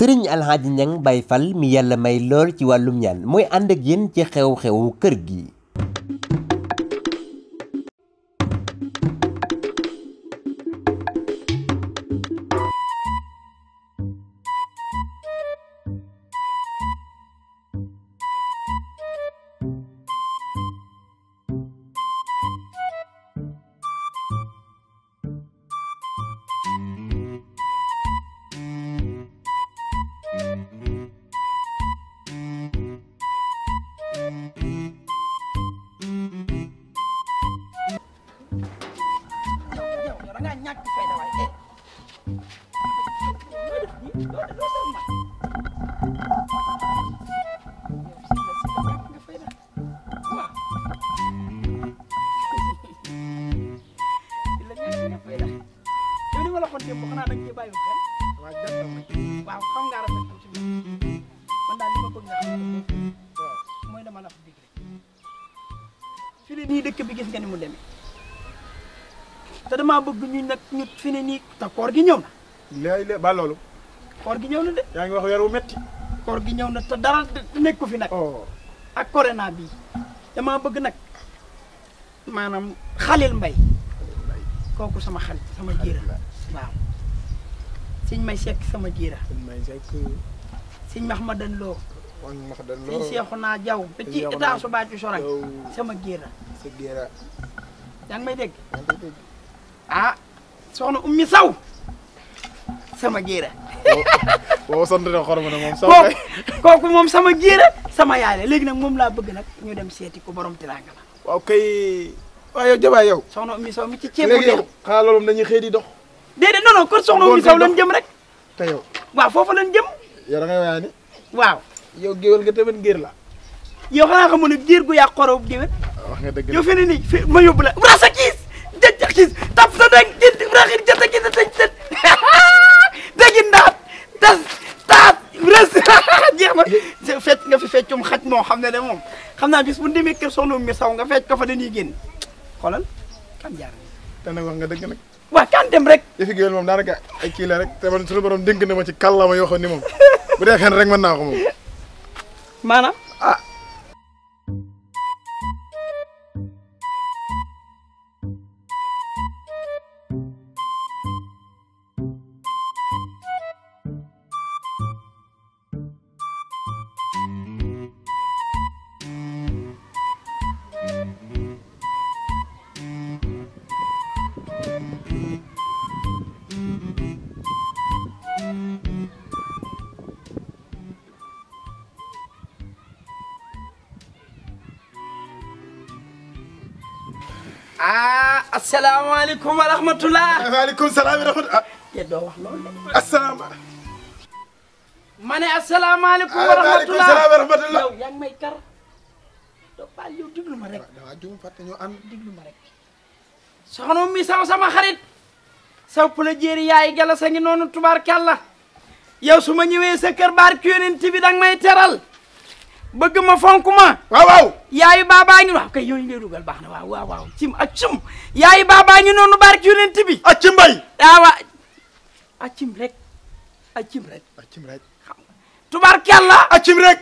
sëriñ alxaaji ñang bay fal mi yàlla may lool ci wàllum ñaan mooy ànd ak yéen ci xew-xewu kër gii ni mu demee te damaa bëgg ñu nag ñu fi ne nii te koor gi ñëw na. léegi léegi ba loolu. koor gi ñëw na de. yaa ngi wax weer wu metti koor gi ñëw na te dara nekku fi nag. Oh. ak corona bii damaa bëgg nag maanaam xalil mbay kooku sama xarit sama jiira waaw. sëñ may sekk sama jiira. sëñ may sekk. sëñ Mahmadan Lo. sëñ Mahmadan Lo sëñ Seexuna Jaw ba ci état su baa ci sama jiira. sëg Diéra. yaa ngi may dégg. yaa ngi may dégg. Ah, soxna ummi sama Diéra. waaw sant na xorom na moom. saw moom sama Diéra sama yaay la léegi nag moom laa bëgg nag ñu dem seeti ko borom tiraanga la. waaw kay waaw yow jabaay yow. soxna ummi saw mi ci ceeb bu léegi yow xanaa loolu dañuy xëy di dox. déedéet non non kon soxna ummi saw lan jëm rek. te yow waaw foofu lan jëm. yow da ngay ni. waaw yow géwél nga tamit ngir la. yow xanaa xamu ne giir gu yàq xoro bu diwén. Ah, wax nga dëgg yow fi ne nii fi ma yóbbu la rasa kiis jëj kiis tap sa deng jënd raxin jënd kiis a tëj tëj déggi ndaat tas taat res jeex ma fecc nga fi feccum xaj moo xam ne de moom xam naa bis bu demee kër soxna mi saw nga fecc ko fa dañuy génn xoolal kan jaar te nag wax nga dëgg nag waaw kan dem rek yëfi géwél moom daanaka ay kii la rek te man suñu borom dénk na ma ci kàllaama yoo xam ni moom bu dee fen rek mën naa ko ah asalaamaaleykum wa rahmatulah. waaleykum salaam wa rahmatulah. te ah. doo wax loolu de. asalaama. ma ne asalaamaaleykum ah, wa rahmatulah wa rahmatulah. yow yaa ngi may kar. doo baal yow diglu ma rek. waaw waaw fàtte ñoo am diglu ma rek. soxna mi saw sama xarit. saw pula jéeri yaay gala sa ngi noonu tubaarkàlla. yow su ma ñëwee sa kër baar kiyonent bi danga may teral. bëgg ma fonk ma. waaw waaw. yaayu baabaa ñu waaw kay yooyu ngay dugal baax na waaw waaw waaw cim acim. yaayu baabaa ñu noonu barke yonent bi. acim bay. acim rek acim rek. acim rek. xam nga tubarkalla. acim rek.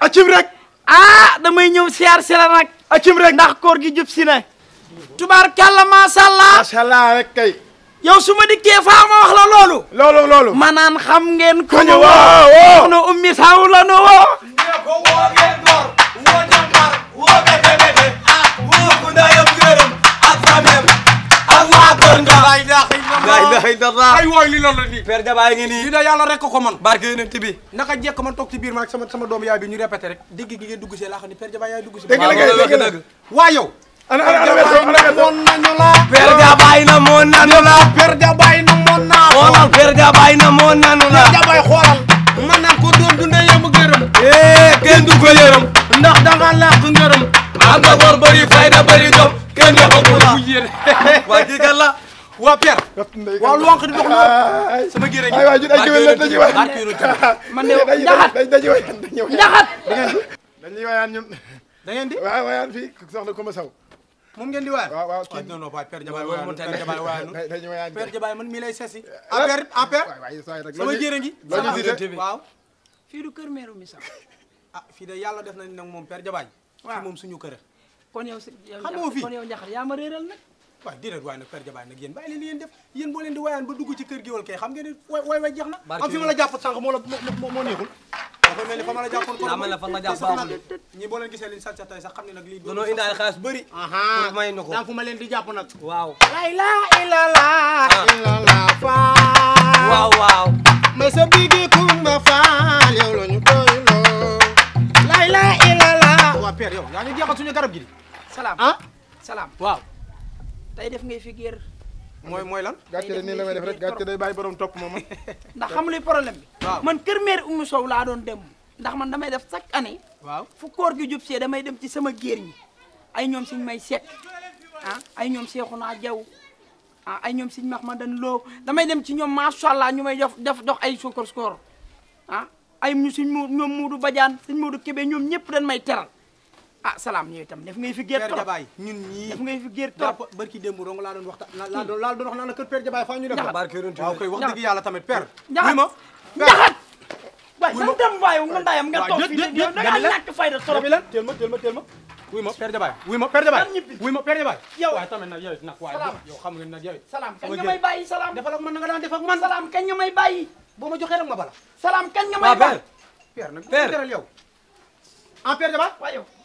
acim rek. ah damay ñëw siyaar si la nag. acim rek ndax kor gi jub si na. tubarkalla macha rek kay. yow su ma dikkee faa ma wax la loolu. loolu loolu. ma naan xam ngeen. ku ñu woo wax ummi saw la nu woo. ne ko woo ngeen door woo jàmbaar woo bete bete ah woo ku ndeyam gërëm ak famem ak waa la ilaha illallah ay loolu la nii. père Jabaay ngi nii. lii da yàlla rek ko ko man. barke yonent bi. naka jekk man toog ci biir ma ak sama sama doomu yaay bi ñu répété rek. dégg gi ngeen dugg see laa xam ni père Jabaay yaay dugg see. dëgg la kay dëgg yow. ana ana ana per ja bàyyi na moo nanu la per ja bàyyi na moo nanu la xoolal per ja bàyyi na moo nanu la per ja bàyyi xoolal man naan ko doon dundee yem ak yërëm eh kenn du ko yërëm ndax danga làq ngërëm am na bor bëri fayda bëri jom kenn yaqagu la waa kii kan la waa Pierre waaw lonk di dox noonu sama géré gi waay jut ay gëwël la dañuy waay man de ndaxat dañuy waay ndaxat dañuy waayaan ñun da ngeen di waay waayaan fii soxna Coumba Sow moom ngeen di waay waaw waaw kii non non waay Père Jabaay waay moom man mii lay sesi affaire ah, affaire ah, sama waaw fii du kër meeru mi sax a ah, fii de yàlla def nañ nag moom Père Jabaay waaw moom suñu kër kon yow xam nga fii kon yow yaa ma réeral nag waaw déedéet waaye nag Père Jabaay nag yéen bàyyi leen yéen def yéen boo di waayaan ba dugg ci kër gi wal kay xam ngeen ne waay waay jeex na am fi ma la jàpp sànq moo la moo neexul dafa mel ni fa ma la jàppoon kon man la fa nga jàpp baaxul ñi boo leen gisee liñ sàcc tey sax xam ne nag lii danoo may ñu ko di jàpp waaw lay la ila ah. ma faal yow la ñu koy loo lay la ila la waa père yow yaa ñu jeexal suñu garab gi di salaam ah salaam waaw tey def ngay fi guerre mooy mooy lan. gàcce de nii damay def rek gàcce day bàyyi borom topp ma ndax xam luy problème bi. waaw man kër mère Oumy Sow laa doon dem ndax man damay def chaque année. waaw fu koor gi jub see damay dem ci sama géer ñi ay ñoom suñ may seet ah ay ñoom naa Jaw ah ay ñoom suñu Mahmadan Lo damay dem ci ñoom macha allah ñu may def def dox ay sukkur sukkur ah ay suñ ñoom Moodu Badiane suñ Moodu kebe ñoom ñëpp dañ may teral. ah salaam ñëw itam def ngay fi géer trop ñun ñii def ngay fi géer trop barki démb rong laa doon waxta laa doon laa doon wax naan kër père Jabaay faa ñu def waaw koy wax dëgg yàlla ma jaxat waay sa dem waay nga ndaayam nga toog fii yow da nga ñàkk fayda trop lan teel ma teel ma teel ma wuy ma père Jabaay wuy ma père Jabaay wuy ma père Jabaay yow waay tamit nag boo ma joxee rek ma bala salaam kañ nga may bàyyi père nag père yow en ah, père Jabaay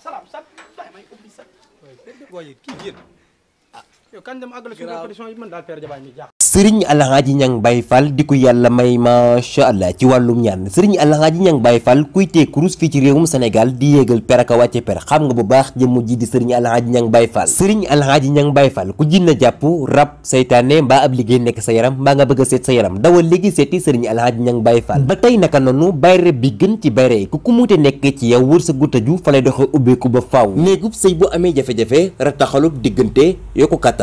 salaam sat waaye may ubbi sat waaye kii génn ah sëriñ alxaaji ñang bay fall di ko yàlla may macha allah ci wàllum ñaan sëriñ alxaaji ñang bay fall kuy tee kurus fii ci réewum sénégal di yéegal per ak a wàcce per xam nga bu baax jëmm ji di sëriñ alxaaji ñang bay fall sëriñ alxaaji ñang bay fall ku jinna jàpp rab saytaane mbaa ab liggéey nekk sa yaram mbaa nga bëgg a seet sa yaram dawal léegi seeti sëriñ alxaaji ñang bay fall ba tey naka noonu bayre bi gën ci bayre yi ku ku muute nekk ci yow wërsëgu tëju fa lay doxe ubbeeku ba faaw néegub sëy bu amee jafe-jafe rataxalub diggante yokku kàttan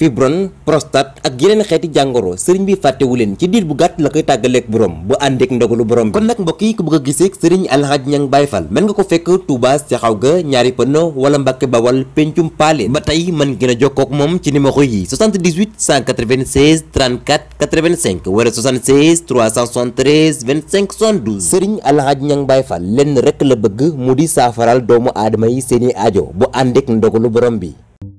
fibron prostate ak yeneen xeeti jàngoro sëriñ bi fàttewu leen ci diir bu gàtt la koy tàggaleeg borom bu àndeek ndogalu borom bi kon nag mbokk yi ku bëgg a giseeg sëriñ alxaaji ñang baay fall mën nga ko fekk Touba Seexaw ga ñaari pënn wala Mbàkke Bawal pencum paale ba tey mën ngeen a jokkook moom ci numéro yi 78 196 34 85 wala 76 373 25 72 sëriñ alxaaji ñang baay fall lenn rek la bëgg mu di saafaral doomu aadama yi seeni aajo bu àndeek ndogalu borom bi